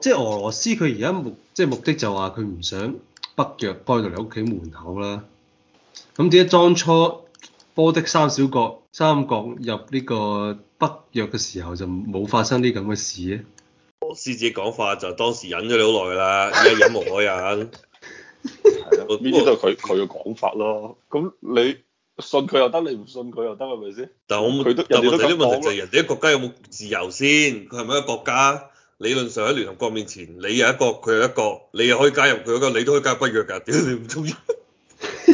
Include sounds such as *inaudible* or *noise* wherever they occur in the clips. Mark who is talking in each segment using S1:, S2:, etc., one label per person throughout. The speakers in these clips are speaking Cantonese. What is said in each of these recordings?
S1: 即係俄羅斯佢而家目即係目的就話佢唔想北約開到你屋企門口啦。咁點解當初波的三小國三國入呢個北約嘅時候就冇發生啲咁嘅事咧？俄
S2: 羅斯自己講法就當時忍咗你好耐啦，你 *laughs* 忍無可忍。邊啲都係佢佢嘅講法咯。咁你信佢又得，你唔信佢又得，係咪先？但係我冇，但係問題啲問題就係人哋啲國家有冇自由先？佢係咪一個國家？理論上喺聯合國面前，你有一個，佢有一個，你又可以加入佢個，你都可以加入北約㗎。屌你唔中意，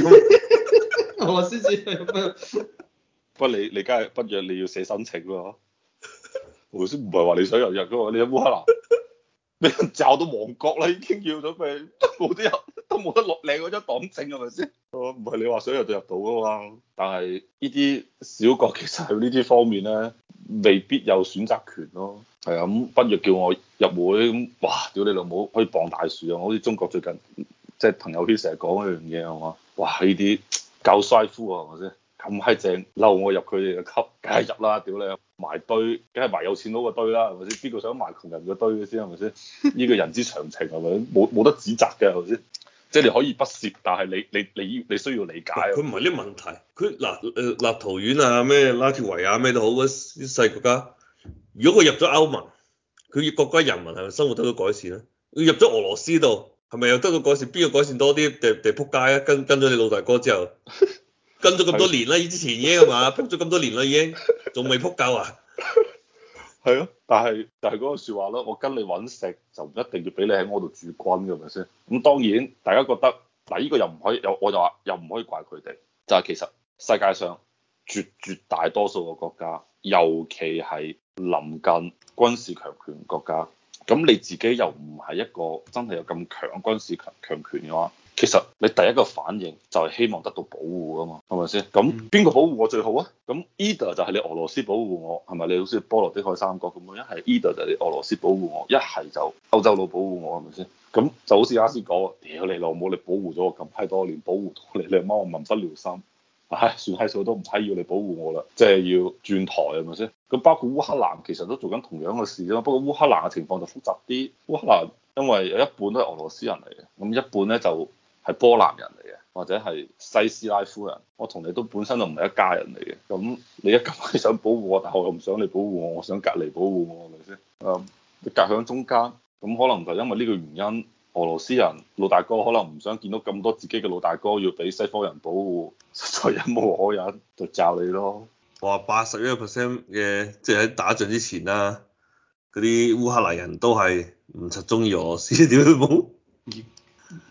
S2: *laughs* 我話先至。 *laughs* 不你你加入，北約，你要寫申請喎。我先唔係話你想入入㗎嘛，你烏克蘭俾人炸到亡國啦，已經要咗佢，冇得入，都冇得落，得你嗰張黨證係咪先？啊，唔係你話想入就入到㗎嘛？但係呢啲小國其實喺呢啲方面咧，未必有選擇權咯。係啊，咁不如叫我入會咁，哇！屌你老母，可以傍大樹啊！好似中國最近即係朋友圈成日講一樣嘢，係嘛？哇！呢啲夠衰夫啊，係咪先咁閪正？嬲我入佢哋嘅級，梗係入啦！屌你，埋堆，梗係埋有錢佬嘅堆啦，係咪先？邊個想埋窮人嘅堆嘅先？係咪先？呢、呢個人之常情係咪？冇冇得指責嘅係咪先？即係你可以不屑，但係你你你你需要理解。佢唔係呢個問題，佢嗱誒立陶宛啊咩拉脫維亞、啊、咩都好嗰啲細國家。如果佢入咗歐盟，佢國家人民係咪生活得到改善咧？佢入咗俄羅斯度，係咪又得到改善？邊個改善多啲？地地扑街啊！跟跟咗你老大哥之後，跟咗咁多年啦，以 *laughs* 前已經係嘛？扑咗咁多年啦，已經仲未扑夠啊？係咯、 *laughs* 啊，但係就係嗰個說話咯。我跟你搵食，就唔一定要俾你喺我度駐軍嘅，係咪先？咁當然，大家覺得嗱，呢個又唔可以，我就又我又話又唔可以怪佢哋，就係、是、其實世界上絕絕大多數嘅國家。尤其係臨近軍事強權國家，咁你自己又唔係一個真係有咁強軍事強強權嘅話，其實你第一個反應就係希望得到保護啊嘛，係咪先？咁邊個保護我最好啊？咁 Either 就係你俄羅斯保護我，係咪？你好似波羅的海三國咁樣，一係 Either 就係你俄羅斯保護我，一係就歐洲佬保護我，係咪先？咁就好似阿師講，屌你老母，你保護咗我咁批多年，保護到你你阿媽我民不聊生。唉、哎，算係數都唔使要你保護我啦，即係要轉台係咪先？咁包括烏克蘭其實都做緊同樣嘅事啫嘛，不過烏克蘭嘅情況就複雜啲。烏克蘭因為有一半都係俄羅斯人嚟嘅，咁一半咧就係波蘭人嚟嘅，或者係西斯拉夫人。我同你都本身就唔係一家人嚟嘅，咁你一咁想保護我，但係又唔想你保護我，我想隔離保護我係咪先？啊，你隔響中間，咁可能就因為呢個原因。俄羅斯人，老大哥可能唔想見到咁多自己嘅老大哥要俾西方人保護，實在忍無可忍就罩你咯。話八十一個 percent 嘅，即係喺打仗之前啦，嗰啲烏克蘭人都係唔實中意俄羅斯，點都冇。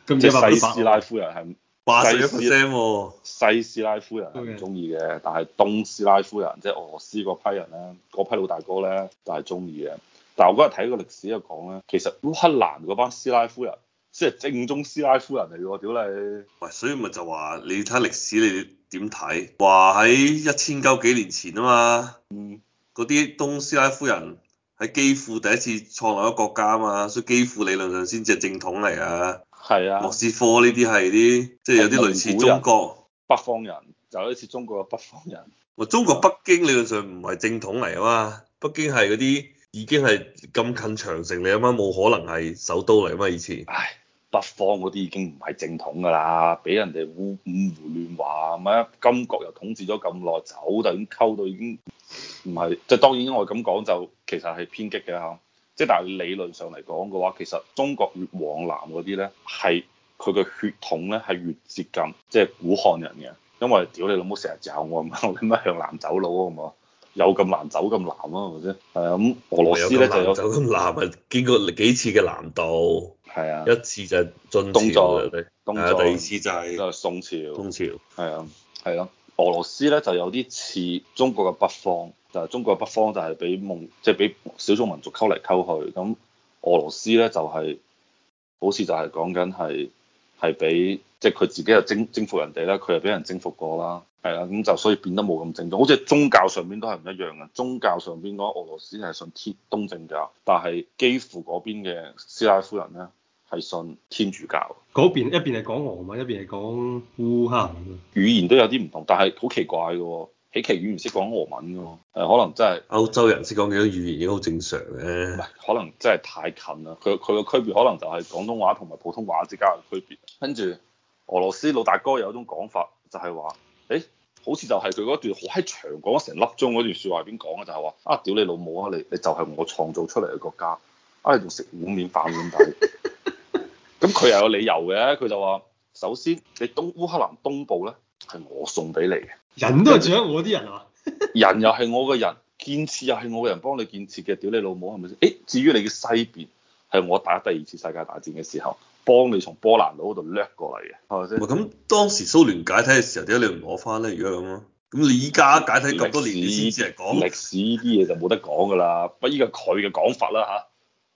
S2: 咁你話西斯拉夫人係八十一個 percent，西斯拉夫人係唔中意嘅，Okay. 但係東斯拉夫人，即係俄羅斯嗰批人咧，嗰批老大哥咧就係中意嘅。但我嗰日睇個歷史就講啦。其實烏克蘭嗰班斯拉夫人即係正宗斯拉夫人嚟㗎喎，屌你！唔係，所以咪就話你睇歷史你點睇？話喺一千九幾年前啊嘛，嗰啲、嗯、東斯拉夫人喺基庫第一次創立一個國家啊嘛，所以基庫理論上先至係正統嚟啊。係啊，莫斯科呢啲係啲即係有啲類似中國北方人，就好似中國嘅北方人。我中國北京理論上唔係正統嚟啊嘛，北京係嗰啲。已經係咁近長城，你啱啱冇可能係首都嚟啊嘛，以前，唉，北方嗰啲已經唔係正統㗎啦，俾人哋胡五胡亂華啊嘛，金國又統治咗咁耐，走就已經溝到已經唔係，即係當然我咁講就其實係偏激嘅嚇，即係但係理論上嚟講嘅話，其實中國越往南嗰啲咧，係佢嘅血統咧係越接近即係、就是、古漢人嘅，因為屌你老母成日走我、啊，我啱啱向南走佬、啊、好唔好？有咁難走咁難啊，係咪先？係啊，咁俄羅斯咧就有咁難走咁難啊，經過幾次嘅難度，係啊，一次就係晉朝，東晉著，啊，第二次就係宋朝，宋朝，係啊，係咯、啊，俄羅斯咧就有啲似中國嘅北方，就係、是、中國嘅北方就係俾蒙，即係俾少數民族溝嚟溝去，咁俄羅斯咧就係、是、好似就係講緊係係俾即係佢自己又征服人哋啦，佢又俾人征服過啦。係啦，咁就所以變得冇咁正宗。好似宗教上邊都係唔一樣嘅。宗教上邊嗰俄羅斯係信天東正教，但係幾乎嗰邊嘅斯拉夫人咧係信天主教。
S1: 嗰邊一邊係講俄文，一邊係講烏
S2: 克蘭語，語言都有啲唔同，但係好奇怪嘅喎、哦。喜劇演唔識講俄文嘅喎，可能真、就、係、是、歐洲人識講幾多語言亦都好正常嘅。可能真係太近啦。佢佢個區別可能就係廣東話同埋普通話之間嘅區別。跟住俄羅斯老大哥有一種講法，就係、是、話，誒、欸。好似就係佢嗰段好閪長，講咗成粒鐘嗰段説話入邊講嘅就係話：啊，屌你老母啊！你你就係我創造出嚟嘅國家，啊，你仲食碗面反碗底。咁佢 *laughs* 又有理由嘅，佢就話：首先，你東烏克蘭東部咧係我送俾你嘅。人都係住喺我啲人啊， *laughs* 人又係我嘅人，建設又係我嘅人幫你建設嘅。屌你老母係咪先？誒，至於你嘅西邊係我打第二次世界大戰嘅時候，幫你從波蘭佬度掠過嚟嘅，係咪先？咁當時蘇聯解體嘅時候點解你唔攞翻咧？而家咁咯，咁你依家解體咁多年，你先至嚟講歷史呢啲嘢就冇得講㗎啦。不依個佢嘅講法啦吓？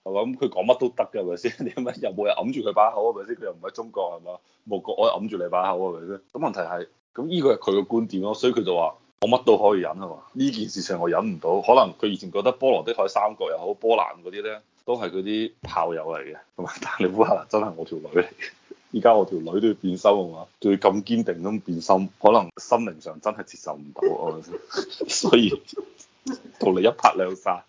S2: 係咪咁，佢講乜都得㗎係咪先？ *laughs* 你咁又冇人揞住佢把口係咪先？佢又唔喺中國係嘛？冇個我揞住你把口係咪先？咁問題係咁，呢個係佢嘅觀點咯，所以佢就話我乜都可以忍係嘛？呢件事情我忍唔到，可能佢以前覺得波羅的海三國又好波蘭嗰啲咧。都係嗰啲炮友嚟嘅，同埋但係你烏克蘭真係我條女嚟嘅。依家我條女都要變心啊嘛，仲要咁堅定咁變心，可能心靈上真係接受唔到啊， *laughs* 所以同你一拍兩散，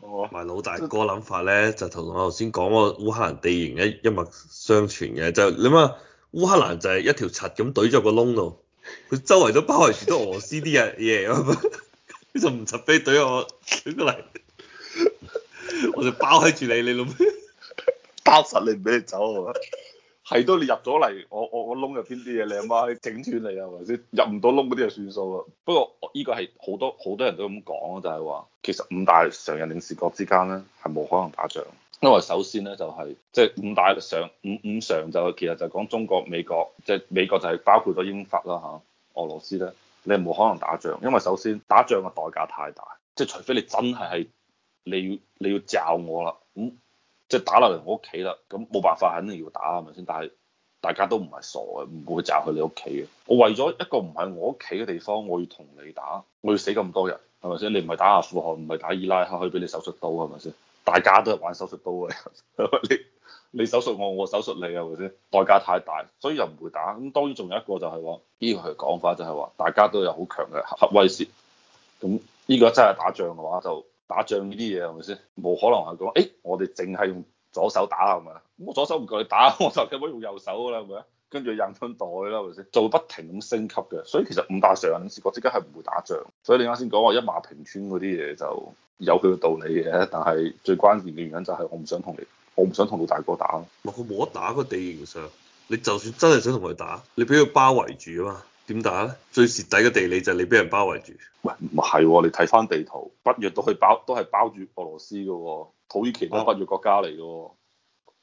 S2: 我嘛？同埋老大哥諗法咧，就同我頭先講過，我烏克蘭地形一一脈相傳嘅，就諗、是、啊烏克蘭就係一條柒咁懟咗個窿度，佢周圍都包圍住咗俄羅斯啲人嘢，佢 *laughs* *laughs* 就唔柒飛懟我過嚟。 *laughs* *laughs* 我就包喺住你，你老味包實你唔俾你走係、啊、嘛？ *laughs* 係都你入咗嚟，我我我窿入邊啲嘢，你阿媽去整斷你係咪先？入唔到窿嗰啲就算數啦。不過呢個係好多好多人都咁講咯，就係、是、話其實五大常任理事國之間咧係冇可能打仗，因為首先咧就係即係五大常五五常就其實就講中國、美國，即、就、係、是、美國就係包括咗英法啦吓，俄羅斯咧你係冇可能打仗，因為首先打仗嘅代價太大，即、就、係、是、除非你真係係。你要你要炸我啦，咁、嗯、即係打落嚟我屋企啦，咁冇辦法，肯定要打係咪先？但係大家都唔係傻嘅，唔會炸去你屋企嘅。我為咗一個唔係我屋企嘅地方，我要同你打，我要死咁多人，係咪先？你唔係打阿富汗，唔係打伊拉克可以俾你手術刀，係咪先？大家都係玩手術刀嘅人，係咪你你手術我，我手術你，係咪先？代價太大，所以又唔會打。咁當然仲有一個就係話，呢、這個講法就係話，大家都有好強嘅核威懾。咁呢個真係打仗嘅話就。打仗呢啲嘢係咪先？冇可能係講，誒、欸，我哋淨係用左手打係咪？咁我左手唔夠你打，我就梗係用右手㗎啦，係咪？跟住引樽袋啦，係咪先？就會不停咁升級嘅。所以其實五霸上嘅視覺即刻係唔會打仗。所以你啱先講話一馬平川嗰啲嘢就有佢嘅道理嘅。但係最關鍵嘅原因就係、是、我唔想同你，我唔想同老大哥打。咪佢冇得打，個地形上，你就算真係想同佢打，你俾佢包圍住吖嘛。點打咧？最蝕底嘅地理就係你俾人包圍住。喂，唔係喎，你睇翻地圖，北約都係包，都係包住俄羅斯嘅喎、啊。土耳其都係北約國家嚟嘅喎。啊、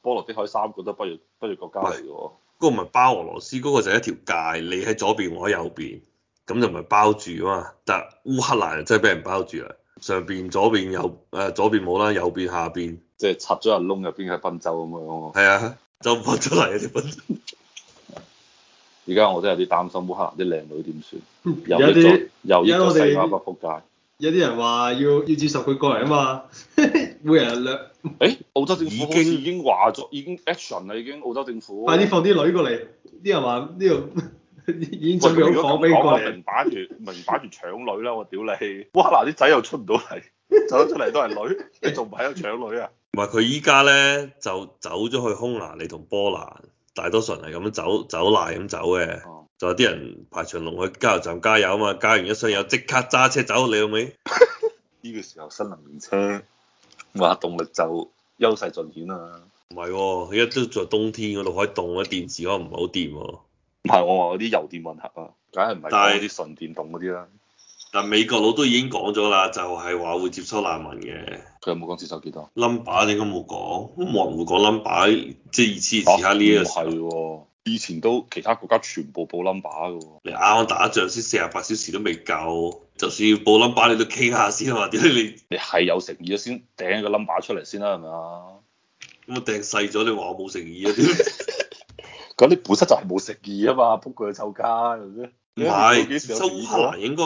S2: 波羅的海三個都係北約北約國家嚟嘅喎。嗰、嗰個唔係包俄羅斯，嗰、嗰個就係一條界，你喺左邊，我喺右邊，咁就唔係包住啊嘛。但烏克蘭真係俾人包住啦。上邊左邊右，誒、呃、左邊冇啦，右邊下邊，即係插咗入窿入邊係賓州咁樣喎。係啊，就掘出嚟啊啲笨。而家我都有啲擔心，烏克蘭啲靚女點算？有啲有啲細巴巴
S1: 有啲人話要要接受佢過嚟啊嘛，每人兩。誒，澳洲政府已經已經話
S2: 咗，已經 action 啦，已經澳洲政府。快啲放啲女過嚟！
S1: 啲人話呢度
S2: 已經準備講咩？如果咁講，我明擺住明擺住搶女啦！我屌你，烏克蘭啲仔又出唔到嚟，走出嚟都係女，你仲唔係有搶女啊？話佢依家咧就走咗去匈牙利同波蘭。大多數人係咁樣走走賴咁走嘅，啊、就有啲人排長龍去加油站加油啊嘛，加完一箱油即刻揸車走，你明未？呢 *laughs* 個時候新能源車話動力就優勢盡顯啦。唔係、哦，而家都在冬天嗰度可以凍啊，電池可能唔係好掂。唔係我話嗰啲油電混合啊，梗係唔係。但係啲純電動嗰啲啦。但美國佬都已經講咗啦，就係、是、話會接收難民嘅。有冇講接受幾多？number 你都冇講？都冇人會講 number，即係意思而家呢樣係喎。以前都其他國家全部報 number 嘅喎。你啱啱打仗先四十八小時都未夠，就算要報 number 你都傾下先啊嘛。點解你你係有誠意先掟一個 number 出嚟先啦？係咪啊？咁啊掟細咗，你話我冇誠意啊？咁 *laughs* 你本身就係冇誠意啊嘛，撲佢去湊卡咁啫。唔係，收烏克蘭應該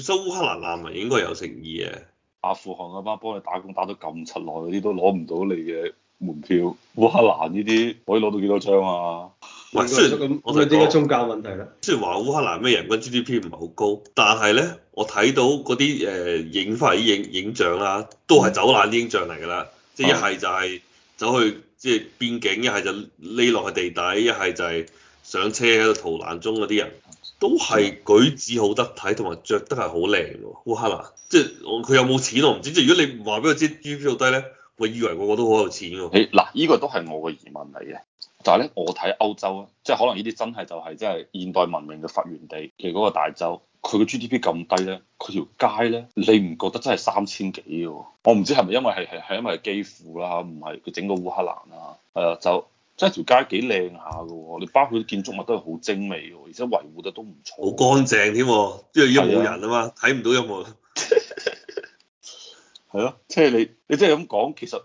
S2: 收烏克蘭難民應,應該有誠意嘅。阿富汗嗰班幫你打工打到咁柒耐嗰啲都攞唔到你嘅門票，烏克蘭呢啲可以攞到幾多槍啊？喂，雖然咁，佢點解宗教問題咧？雖然話烏克蘭咩人均 GDP 唔係好高，但係咧，我睇到嗰啲誒影翻影影像啦、啊，都係走難啲影像嚟㗎啦，嗯、即係一係就係走去即係、就是、邊境，一係就匿落去地底，一係就係上車喺度逃難中嗰啲人。都係舉止好得體，同埋着得係好靚㗎喎，烏克蘭即係佢有冇錢都唔知，即係如果你唔話俾佢知 GDP 好低咧，我以為個個都好有錢㗎。嗱，呢個都係我嘅疑問嚟嘅。但係咧，我睇歐洲咧，即係可能呢啲真係就係即係現代文明嘅發源地嘅嗰個大洲，佢嘅 GDP 咁低咧，佢條街咧，你唔覺得真係三千幾㗎？我唔知係咪因為係係係因為基輔啦嚇，唔係佢整個烏克蘭啊，誒、呃、就。即係條街幾靚下嘅喎，你包括啲建築物都係好精美嘅，而且維護得都唔錯。好乾淨添、啊，因為一冇人啊嘛，睇唔是、啊、到一冇、啊 *laughs* 啊。係咯，即係你，你即係咁講，其實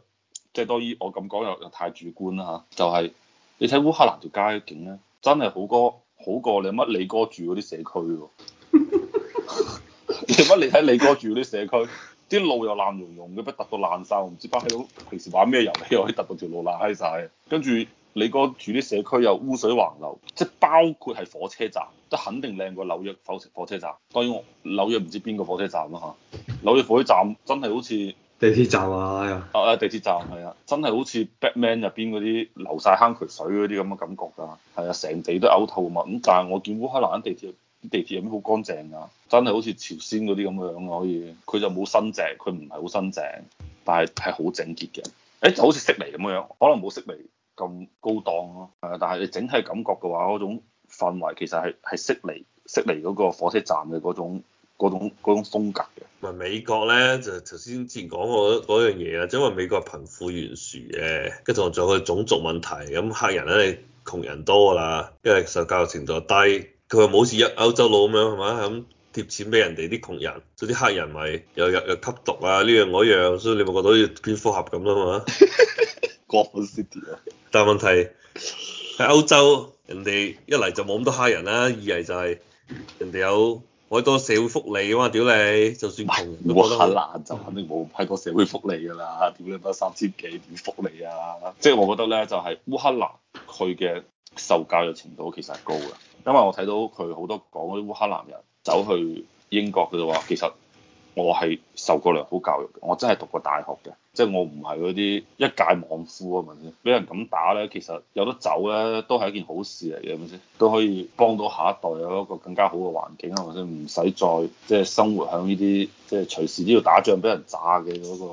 S2: 即係、就是、當然我咁講又又太主觀啦嚇，就係、是、你睇烏克蘭條街景咧，真係好過好過你乜李哥住嗰啲社區喎。 *laughs* *laughs* 你乜你睇李哥住嗰啲社區，啲路又爛溶溶嘅，不揼到爛晒，我唔知班閪佬平時玩咩遊戲可以揼到條路爛閪晒。跟住。你嗰住啲社區又污水橫流，即係包括係火車站，都肯定靚過紐約否成火車站。當然紐約唔知邊個火車站啦嚇，紐約火車站真係好似
S1: 地鐵站啊！
S2: 啊啊，地鐵站係啊，真係好似 Batman 入邊嗰啲流晒坑渠水嗰啲咁嘅感覺㗎。係啊，成地都嘔吐啊嘛。咁但係我見烏克蘭地鐵地鐵入邊好乾淨啊，真係好似朝鮮嗰啲咁嘅樣。可以，佢就冇新淨，佢唔係好新淨，但係係好整潔嘅。欸，就好似悉尼咁嘅樣，可能冇悉尼。咁高檔咯，啊，但係你整體感覺嘅話，嗰種氛圍其實係係適離適離嗰個火車站嘅嗰種嗰種嗰種風格嘅。咪美國咧，就頭先之前講過嗰樣嘢啊，因為美國貧富懸殊嘅，跟住仲有個種族問題，咁黑人咧，窮人多啦，因為受教育程度低，佢又冇好似一歐洲佬咁樣係嘛，咁貼錢俾人哋啲窮人，所以啲黑人咪又又又吸毒啊呢樣嗰樣，所以你會覺得好似蝙蝠俠咁吖嘛。 *laughs* 國本先啲啊！但係問題喺 *laughs* 歐洲，人哋一嚟就冇咁多黑人啦，二嚟就係人哋有好多社會福利啊嘛！屌你，就算烏克蘭就肯定冇太多社會福利㗎啦！屌你得三千幾點福利啊？即係我覺得咧，就係、是、烏克蘭佢嘅受教育程度其實係高嘅，因為我睇到佢好多講啲烏克蘭人走去英國佢就話，其實我係受過良好教育嘅，我真係讀過大學嘅。即係我唔係嗰啲一介莽夫啊嘛先，俾人咁打咧，其實有得走咧都係一件好事嚟嘅，係咪先？都可以幫到下一代嗰、有個更加好嘅環境啊或者，唔使再即係生活喺呢啲即係隨時都要打仗、俾人炸嘅嗰個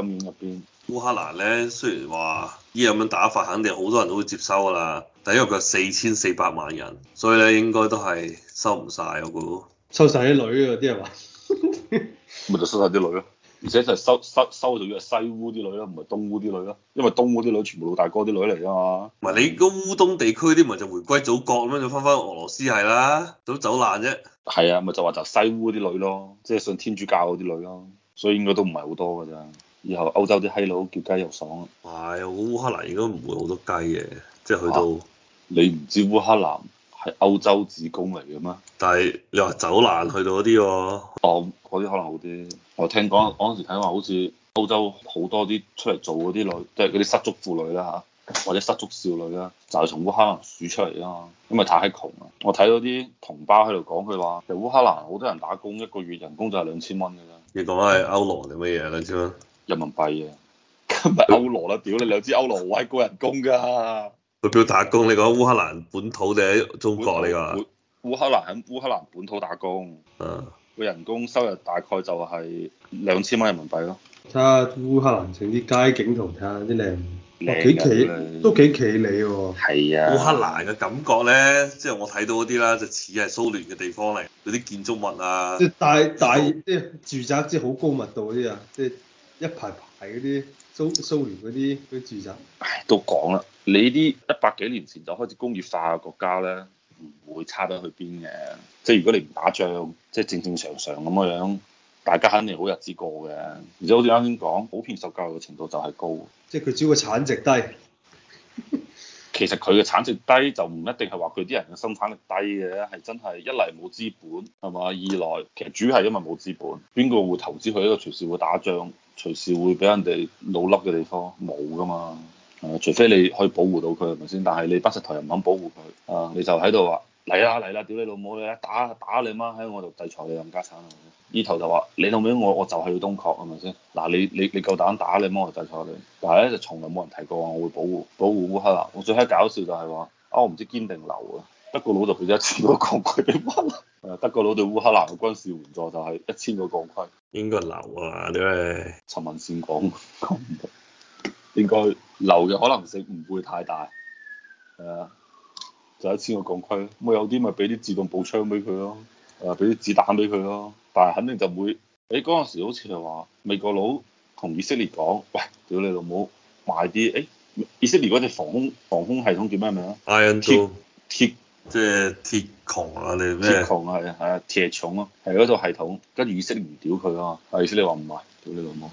S2: 陰影入邊。烏克蘭咧，雖然話依咁樣打法，肯定好多人都會接收㗎啦，但因為佢係四千四百萬人，所以咧應該都係收唔晒。我估收晒啲女啊！啲人話，咪 *laughs* 就收晒啲女咯。而且就係收收收，仲要係西烏啲女咯，唔係東烏啲女咯，因為東烏啲女全部老大哥啲女嚟㗎嘛。唔係你個烏東地區啲，咪就回歸祖國咁樣，就翻翻俄羅斯係啦，都走難啫。係啊，咪就話、是、就西烏啲女咯，即係信天主教嗰啲女咯，所以應該都唔係好多㗎咋。以後歐洲啲閪佬叫雞又爽。唔係、啊、烏克蘭應該唔會好多雞嘅，即、就、係、是、去到、啊、你唔知烏克蘭。歐洲子宮嚟嘅咩？但係你話走難去到嗰啲喎。哦，嗰啲、哦、可能好啲。我聽講嗰陣時睇話，好似歐洲好多啲出嚟做嗰啲女，即係嗰啲失足婦女啦嚇，或者失足少女啦，就係、是、從烏克蘭輸出嚟啊嘛。因為太窮啊。我睇到啲同胞喺度講，佢話其實烏克蘭好多人打工，一個月人工就係兩千蚊嘅啫。你講係歐羅定乜嘢兩千蚊？人民幣啊，唔係歐羅啦，屌你兩千歐羅，威過人工㗎、啊。佢表打工，你講烏克蘭本土定喺中國呢個？烏克蘭喺烏克蘭本土打工，嗯，個人工收入大概就係兩千蚊人民幣咯。
S1: 睇下烏克蘭整啲街景同睇下啲靚靚
S2: 幾企，都
S1: 幾企理喎。係啊，烏克蘭
S2: 嘅感覺咧，即係我睇到嗰啲啦，就似係蘇聯嘅地方嚟，嗰啲建築物啊，即係大大
S1: 啲、即係、住宅，即係好高密度嗰啲啊，即、就、係、係、一排排嗰啲。蘇蘇聯嗰啲嗰啲住
S2: 宅，唉，都講啦。你啲一百幾年前就開始工業化嘅國家咧，唔會差得去邊嘅。即係如果你唔打仗，即係正正常常咁嘅樣，大家肯定好日子過嘅。而且好似啱先講，普遍受教育嘅程度就係高。
S1: 即係佢主要嘅產值低。
S2: 其實佢嘅產值低就唔一定係話佢啲人嘅生產力低嘅，係真係一嚟冇資本係嘛，二來其實主要係因為冇資本，邊個會投資去一個隨時會打仗、隨時會俾人哋腦甩嘅地方？冇噶嘛，啊，除非你可以保護到佢係咪先？但係你不石台又唔肯保護佢，啊，你就喺度話。嚟啦嚟啦，屌你老母你！打打你媽，喺我度制裁你冚家鏟。呢頭就話你老母我我就係要東擴係咪先？嗱你你你夠膽打你媽，我就制裁你，但係咧就從來冇人提過話我會保護保護烏克蘭。我最閪搞笑就係話啊我唔知堅定流啊，德國佬就俾咗一千個鋼盔俾烏克蘭。誒，德國佬對烏克蘭嘅軍事援助就係一千個鋼盔。應該流啊，你陳文善講講唔得。應該流嘅可能性唔會太大。係就，就一千個鋼盔，咁有啲咪俾啲自動步槍俾佢咯，啊俾啲子彈俾佢咯，但係肯定就會，誒嗰陣時好似就話美國佬同以色列講，喂屌你老母賣啲，誒、欸、以色列嗰隻防空防空系統叫咩名啊？Iron Dome 鐵，鐵即係鐵穹啊，你咩？鐵穹啊？係啊係啊，鐵穹啊，係嗰套系統，跟住以色列唔屌佢啊嘛，係以色列話唔賣，屌你老母，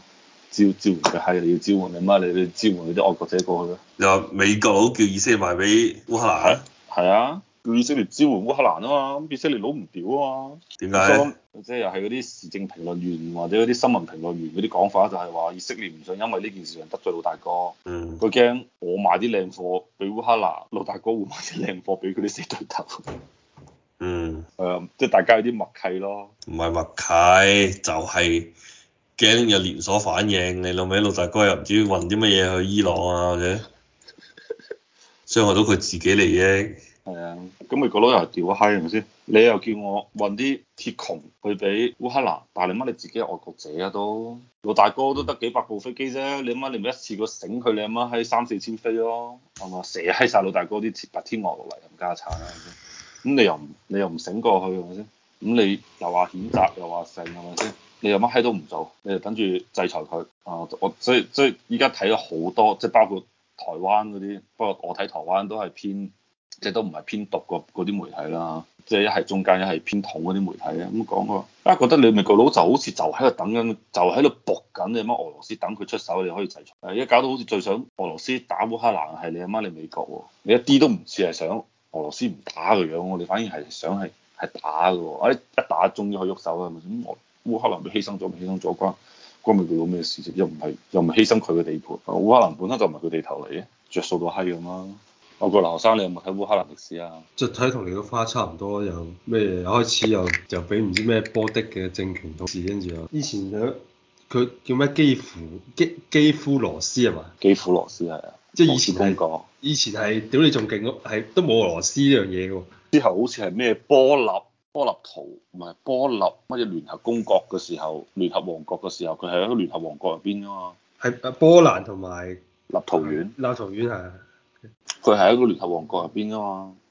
S2: 招招佢係要招你媽，你你招佢啲愛國者過去咯。你話美國佬叫以色列賣俾烏克蘭啊？係啊，叫以色列支援烏克蘭啊嘛，咁以色列老唔屌啊嘛。點解？即係又係嗰啲時政評論員或者嗰啲新聞評論員嗰啲講法就，就係話以色列唔想因為呢件事人得罪老大哥。嗯。佢驚我買啲靚貨俾烏克蘭，老大哥會買啲靚貨俾佢啲死對頭。嗯。係即係大家有啲默契咯。唔係默契，就係、是、驚有連鎖反應，你老味老大哥又唔知運啲乜嘢去伊朗啊或者？Okay? 將我到佢自己嚟啫。係啊，咁咪個佬又吊閪，係咪先？你又叫我揾啲鐵窮去俾烏克蘭，但係你乜你自己係外國者啊都？老大哥都得幾百部飛機啫，你乜你咪一次過醒佢，你阿媽閪三四千飛咯、啊，係咪？射閪晒老大哥啲白天鵝落嚟，咁，家產啊！咁你又唔你又唔醒過去，係咪先？咁你又話譴責，又話醒，係咪先？你又乜閪都唔做，你又等住制裁佢啊？我所以所以依家睇咗好多，即係包括。台灣嗰啲，不過我睇台灣都係偏，即係都唔係偏獨個嗰啲媒體啦。即係一係中間，一係偏統嗰啲媒體咧。咁講過，啊覺得你美國佬就好似就喺度等緊，就喺度搏緊你阿媽俄羅斯等佢出手，你可以制裁。一搞到好似最想俄羅斯打烏克蘭係你阿媽，你美國喎，你一啲都唔似係想俄羅斯唔打嘅樣，我哋反而係想係係打嘅。哎，一打終於可以喐手啦，咁咁烏克蘭咪犧牲咗咪犧牲咗啩？關佢做到咩事啫？又唔係又唔係犧牲佢嘅地盤，烏克蘭本身就唔係佢地頭嚟嘅，着數到閪咁啦。我個留學生，你有冇睇烏克蘭歷史啊？即
S1: 係睇同你個花差唔多，又咩？又開始又就俾唔知咩波的嘅政權統治，跟住又以前嘅佢叫咩？基夫基基夫羅斯係嘛？基夫羅斯係啊，即係以前聽過。
S2: 以前係屌你仲勁咯，係都冇俄羅斯呢樣嘢喎。之後好似係咩波立。波立圖唔係波立，乜嘢聯合公國嘅時候，聯合王國嘅時候，佢係一個聯合王國入邊吖
S1: 嘛？係阿波蘭同埋立陶宛，立陶宛係，
S2: 佢係一個聯合王國入邊吖嘛？